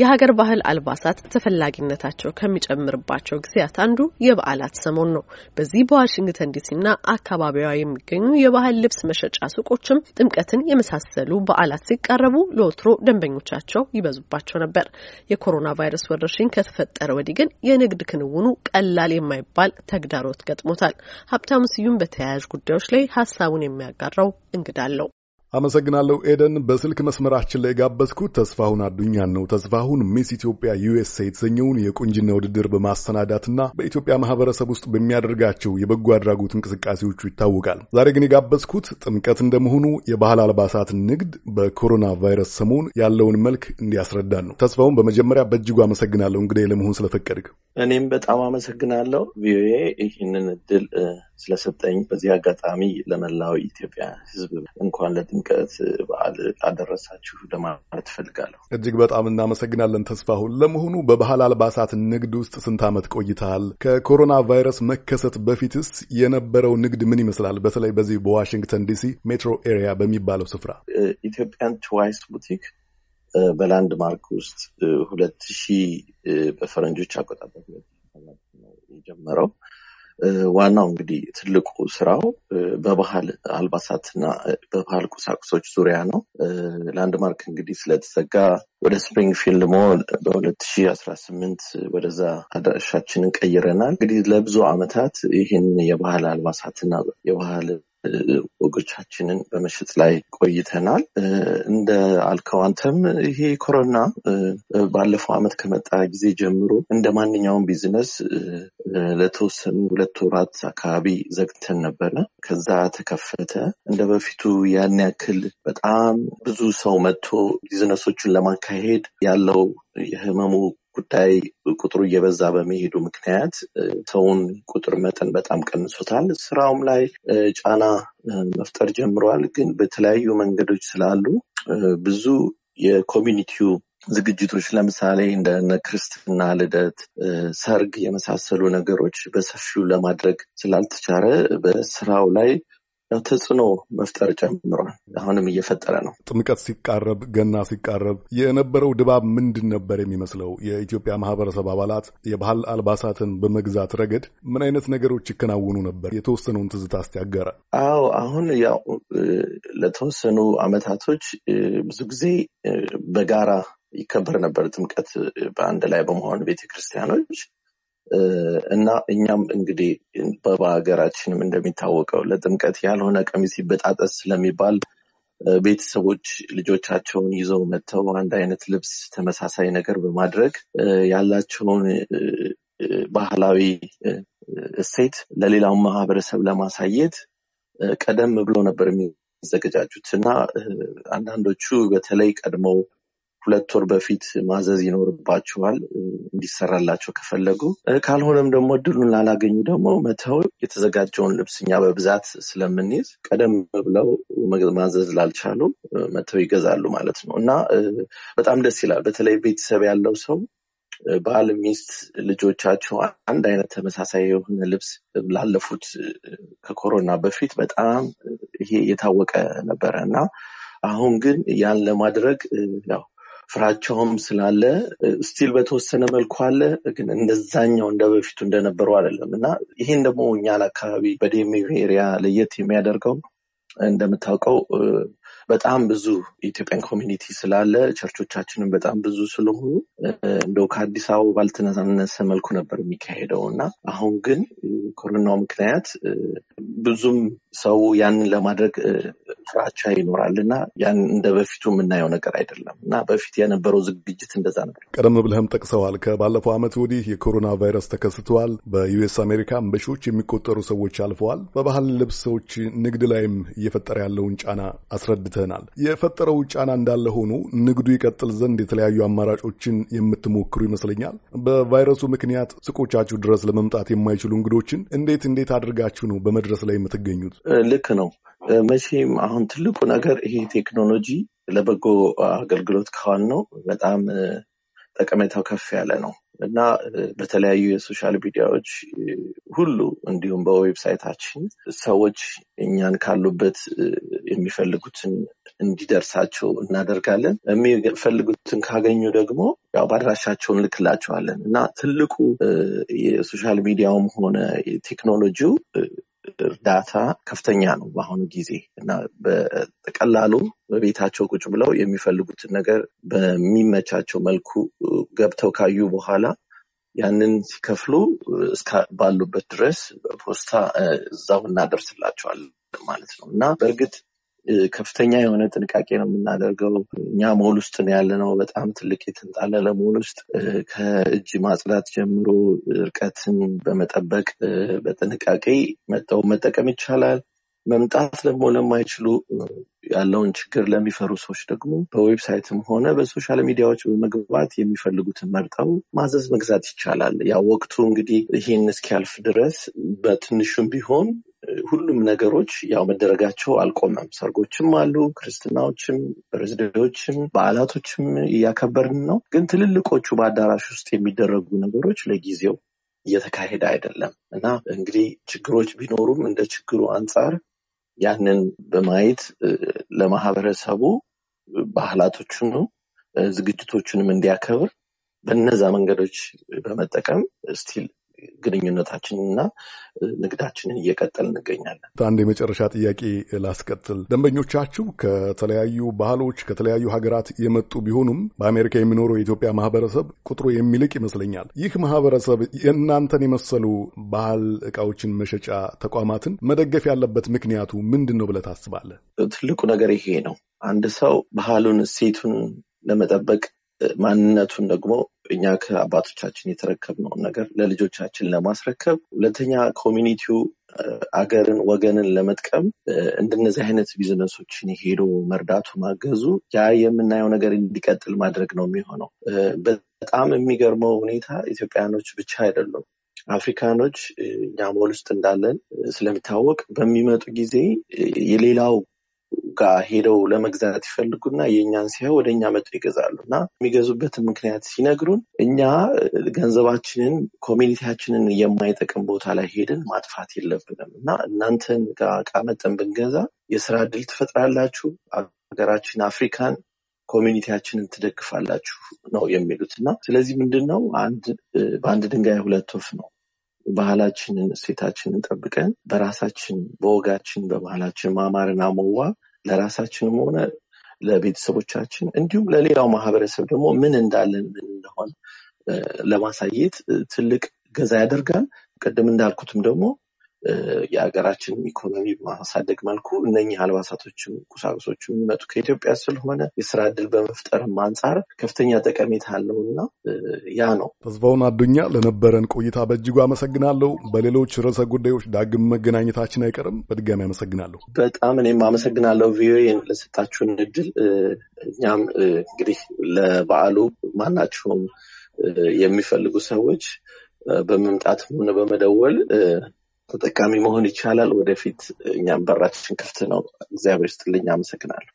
የሀገር ባህል አልባሳት ተፈላጊነታቸው ከሚጨምርባቸው ጊዜያት አንዱ የበዓላት ሰሞን ነው። በዚህ በዋሽንግተን ዲሲና አካባቢዋ የሚገኙ የባህል ልብስ መሸጫ ሱቆችም ጥምቀትን የመሳሰሉ በዓላት ሲቃረቡ ለወትሮ ደንበኞቻቸው ይበዙባቸው ነበር። የኮሮና ቫይረስ ወረርሽኝ ከተፈጠረ ወዲህ ግን የንግድ ክንውኑ ቀላል የማይባል ተግዳሮት ገጥሞታል። ሀብታሙ ስዩም በተያያዥ ጉዳዮች ላይ ሀሳቡን የሚያጋራው እንግዳለው። አለው። አመሰግናለሁ ኤደን። በስልክ መስመራችን ላይ የጋበዝኩት ተስፋሁን አዱኛን ነው። ተስፋሁን ሚስ ኢትዮጵያ ዩኤስኤ የተሰኘውን የቁንጅና ውድድር በማሰናዳትና በኢትዮጵያ ማህበረሰብ ውስጥ በሚያደርጋቸው የበጎ አድራጎት እንቅስቃሴዎቹ ይታወቃል። ዛሬ ግን የጋበዝኩት ጥምቀት እንደመሆኑ የባህል አልባሳት ንግድ በኮሮና ቫይረስ ሰሞን ያለውን መልክ እንዲያስረዳን ነው። ተስፋሁን በመጀመሪያ በእጅጉ አመሰግናለሁ እንግዲህ ለመሆን ስለፈቀድክ። እኔም በጣም አመሰግናለሁ ቪኦኤ ይህንን እድል ስለሰጠኝ። በዚህ አጋጣሚ ለመላው ኢትዮጵያ ሕዝብ እንኳን ለጥምቀት በዓል አደረሳችሁ ለማለት እፈልጋለሁ። እጅግ በጣም እናመሰግናለን ተስፋሁን። ለመሆኑ በባህል አልባሳት ንግድ ውስጥ ስንት ዓመት ቆይተሃል? ከኮሮና ቫይረስ መከሰት በፊትስ የነበረው ንግድ ምን ይመስላል? በተለይ በዚህ በዋሽንግተን ዲሲ ሜትሮ ኤሪያ በሚባለው ስፍራ ኢትዮጵያን ትዋይስ ቡቲክ በላንድ ማርክ ውስጥ ሁለት ሺህ በፈረንጆች አቆጣጠር ነው የጀመረው። ዋናው እንግዲህ ትልቁ ስራው በባህል አልባሳትና በባህል ቁሳቁሶች ዙሪያ ነው። ላንድማርክ እንግዲህ ስለተዘጋ ወደ ስፕሪንግፊልድ ሞል በሁለት ሺ አስራ ስምንት ወደዛ አድራሻችንን ቀይረናል። እንግዲህ ለብዙ ዓመታት ይህን የባህል አልባሳትና የባህል ወጎቻችንን በመሸጥ ላይ ቆይተናል። እንደ አልከው አንተም ይሄ ኮሮና ባለፈው ዓመት ከመጣ ጊዜ ጀምሮ እንደ ማንኛውም ቢዝነስ ለተወሰኑ ሁለት ወራት አካባቢ ዘግተን ነበረ። ከዛ ተከፈተ። እንደ በፊቱ ያን ያክል በጣም ብዙ ሰው መጥቶ ቢዝነሶችን ለማካሄድ ያለው የህመሙ ጉዳይ ቁጥሩ እየበዛ በመሄዱ ምክንያት ሰውን ቁጥር መጠን በጣም ቀንሶታል። ስራውም ላይ ጫና መፍጠር ጀምረዋል። ግን በተለያዩ መንገዶች ስላሉ ብዙ የኮሚኒቲው ዝግጅቶች ለምሳሌ እንደ ክርስትና፣ ልደት፣ ሰርግ የመሳሰሉ ነገሮች በሰፊው ለማድረግ ስላልተቻለ በስራው ላይ ያው ተጽዕኖ መፍጠር ጨምሯል። አሁንም እየፈጠረ ነው። ጥምቀት ሲቃረብ፣ ገና ሲቃረብ የነበረው ድባብ ምንድን ነበር የሚመስለው? የኢትዮጵያ ማህበረሰብ አባላት የባህል አልባሳትን በመግዛት ረገድ ምን አይነት ነገሮች ይከናወኑ ነበር? የተወሰነውን ትዝታ አስቲያጋራ። አዎ አሁን ያው ለተወሰኑ አመታቶች ብዙ ጊዜ በጋራ ይከበር ነበር ጥምቀት በአንድ ላይ በመሆን ቤተክርስቲያኖች እና እኛም እንግዲህ በሀገራችንም እንደሚታወቀው ለጥምቀት ያልሆነ ቀሚስ ይበጣጠስ ስለሚባል ቤተሰቦች ልጆቻቸውን ይዘው መጥተው አንድ አይነት ልብስ ተመሳሳይ ነገር በማድረግ ያላቸውን ባህላዊ እሴት ለሌላው ማህበረሰብ ለማሳየት ቀደም ብሎ ነበር የሚዘገጃጁት እና አንዳንዶቹ በተለይ ቀድመው ሁለት ወር በፊት ማዘዝ ይኖርባቸዋል እንዲሰራላቸው ከፈለጉ። ካልሆነም ደግሞ እድሉን ላላገኙ ደግሞ መተው የተዘጋጀውን ልብስ እኛ በብዛት ስለምንይዝ ቀደም ብለው ማዘዝ ላልቻሉ መተው ይገዛሉ ማለት ነው እና በጣም ደስ ይላል። በተለይ ቤተሰብ ያለው ሰው ባል፣ ሚስት፣ ልጆቻቸው አንድ አይነት ተመሳሳይ የሆነ ልብስ ላለፉት ከኮሮና በፊት በጣም ይሄ የታወቀ ነበረ እና አሁን ግን ያን ለማድረግ ያው ፍራቸውም ስላለ ስቲል በተወሰነ መልኩ አለ፣ ግን እንደዛኛው እንደ በፊቱ እንደነበረው አይደለም እና ይሄን ደግሞ እኛ አካባቢ በደሜ ኤሪያ ለየት የሚያደርገው እንደምታውቀው በጣም ብዙ የኢትዮጵያን ኮሚኒቲ ስላለ ቸርቾቻችንም በጣም ብዙ ስለሆኑ እንደው ከአዲስ አበባ ባልተነሳነሰ መልኩ ነበር የሚካሄደው እና አሁን ግን ኮሮናው ምክንያት ብዙም ሰው ያንን ለማድረግ ፍራቻ ይኖራል እና ያን እንደ በፊቱ የምናየው ነገር አይደለም እና በፊት የነበረው ዝግጅት እንደዛ ነበር። ቀደም ብለህም ጠቅሰዋል። ከባለፈው ዓመት ወዲህ የኮሮና ቫይረስ ተከስተዋል። በዩኤስ አሜሪካ በሺዎች የሚቆጠሩ ሰዎች አልፈዋል። በባህል ልብሶች ንግድ ላይም እየፈጠረ ያለውን ጫና አስረድ አስረድተናል። የፈጠረው ጫና እንዳለ ሆኖ ንግዱ ይቀጥል ዘንድ የተለያዩ አማራጮችን የምትሞክሩ ይመስለኛል። በቫይረሱ ምክንያት ሱቆቻችሁ ድረስ ለመምጣት የማይችሉ እንግዶችን እንዴት እንዴት አድርጋችሁ ነው በመድረስ ላይ የምትገኙት? ልክ ነው። መቼም አሁን ትልቁ ነገር ይሄ ቴክኖሎጂ ለበጎ አገልግሎት ካዋል ነው በጣም ጠቀሜታው ከፍ ያለ ነው። እና በተለያዩ የሶሻል ሚዲያዎች ሁሉ እንዲሁም በዌብሳይታችን ሰዎች እኛን ካሉበት የሚፈልጉትን እንዲደርሳቸው እናደርጋለን። የሚፈልጉትን ካገኙ ደግሞ ያው በአድራሻቸው ልክላቸዋለን እና ትልቁ የሶሻል ሚዲያውም ሆነ ቴክኖሎጂው እርዳታ ከፍተኛ ነው በአሁኑ ጊዜ እና በቀላሉ በቤታቸው ቁጭ ብለው የሚፈልጉትን ነገር በሚመቻቸው መልኩ ገብተው ካዩ በኋላ ያንን ሲከፍሉ ባሉበት ድረስ በፖስታ እዛው እናደርስላቸዋል ማለት ነው እና በእርግጥ ከፍተኛ የሆነ ጥንቃቄ ነው የምናደርገው። እኛ ሞል ውስጥ ነው ያለ ነው። በጣም ትልቅ የተንጣለለ ሞል ውስጥ ከእጅ ማጽዳት ጀምሮ እርቀትን በመጠበቅ በጥንቃቄ መጠው መጠቀም ይቻላል። መምጣት ደግሞ ለማይችሉ ያለውን ችግር ለሚፈሩ ሰዎች ደግሞ በዌብሳይትም ሆነ በሶሻል ሚዲያዎች በመግባት የሚፈልጉትን መርጠው ማዘዝ መግዛት ይቻላል። ያ ወቅቱ እንግዲህ ይህን እስኪያልፍ ድረስ በትንሹም ቢሆን ሁሉም ነገሮች ያው መደረጋቸው አልቆመም። ሰርጎችም አሉ፣ ክርስትናዎችም፣ በርዝዴዎችም፣ በዓላቶችም እያከበርን ነው። ግን ትልልቆቹ በአዳራሽ ውስጥ የሚደረጉ ነገሮች ለጊዜው እየተካሄደ አይደለም እና እንግዲህ ችግሮች ቢኖሩም እንደ ችግሩ አንጻር ያንን በማየት ለማህበረሰቡ ባህላቶቹን ዝግጅቶቹንም እንዲያከብር በነዛ መንገዶች በመጠቀም ስቲል ግንኙነታችንን እና ንግዳችንን እየቀጠል እንገኛለን። አንድ የመጨረሻ ጥያቄ ላስቀጥል። ደንበኞቻችሁ ከተለያዩ ባህሎች፣ ከተለያዩ ሀገራት የመጡ ቢሆኑም በአሜሪካ የሚኖረው የኢትዮጵያ ማህበረሰብ ቁጥሩ የሚልቅ ይመስለኛል። ይህ ማህበረሰብ የእናንተን የመሰሉ ባህል እቃዎችን መሸጫ ተቋማትን መደገፍ ያለበት ምክንያቱ ምንድን ነው ብለህ ታስባለህ? ትልቁ ነገር ይሄ ነው። አንድ ሰው ባህሉን፣ እሴቱን ለመጠበቅ ማንነቱን ደግሞ እኛ ከአባቶቻችን የተረከብነውን ነገር ለልጆቻችን ለማስረከብ፣ ሁለተኛ ኮሚኒቲው አገርን ወገንን ለመጥቀም እንደነዚህ አይነት ቢዝነሶችን ሄዶ መርዳቱ ማገዙ ያ የምናየው ነገር እንዲቀጥል ማድረግ ነው የሚሆነው። በጣም የሚገርመው ሁኔታ ኢትዮጵያኖች ብቻ አይደሉም። አፍሪካኖች እኛ ሞል ውስጥ እንዳለን ስለሚታወቅ በሚመጡ ጊዜ የሌላው ጋር ሄደው ለመግዛት ይፈልጉና የእኛን ሲያዩ ወደ እኛ መጡ ይገዛሉ እና የሚገዙበትን ምክንያት ሲነግሩን እኛ ገንዘባችንን ኮሚኒቲያችንን የማይጠቅም ቦታ ላይ ሄድን ማጥፋት የለብንም እና እናንተን ጋር እቃ መጠን ብንገዛ የስራ እድል ትፈጥራላችሁ፣ ሀገራችን አፍሪካን ኮሚኒቲያችንን ትደግፋላችሁ ነው የሚሉት እና ስለዚህ ምንድን ነው በአንድ ድንጋይ ሁለት ወፍ ነው። ባህላችንን እሴታችንን ጠብቀን በራሳችን በወጋችን በባህላችን ማማርን አመዋ ለራሳችንም ሆነ ለቤተሰቦቻችን እንዲሁም ለሌላው ማህበረሰብ ደግሞ ምን እንዳለን ምን እንደሆነ ለማሳየት ትልቅ ገዛ ያደርጋል። ቅድም እንዳልኩትም ደግሞ የሀገራችን ኢኮኖሚ በማሳደግ መልኩ እነኚህ አልባሳቶችም ቁሳቁሶች የሚመጡ ከኢትዮጵያ ስለሆነ የስራ እድል በመፍጠርም አንጻር ከፍተኛ ጠቀሜታ አለው እና ያ ነው። ተስፋውን አዱኛ፣ ለነበረን ቆይታ በእጅጉ አመሰግናለሁ። በሌሎች ርዕሰ ጉዳዮች ዳግም መገናኘታችን አይቀርም። በድጋሚ አመሰግናለሁ። በጣም እኔም አመሰግናለሁ ቪኦኤን ለሰጣችሁን እድል። እኛም እንግዲህ ለበዓሉ ማናቸውም የሚፈልጉ ሰዎች በመምጣትም ሆነ በመደወል ተጠቃሚ መሆን ይቻላል። ወደፊት እኛም በራችን ክፍት ነው። እግዚአብሔር ይስጥልኝ። አመሰግናለሁ።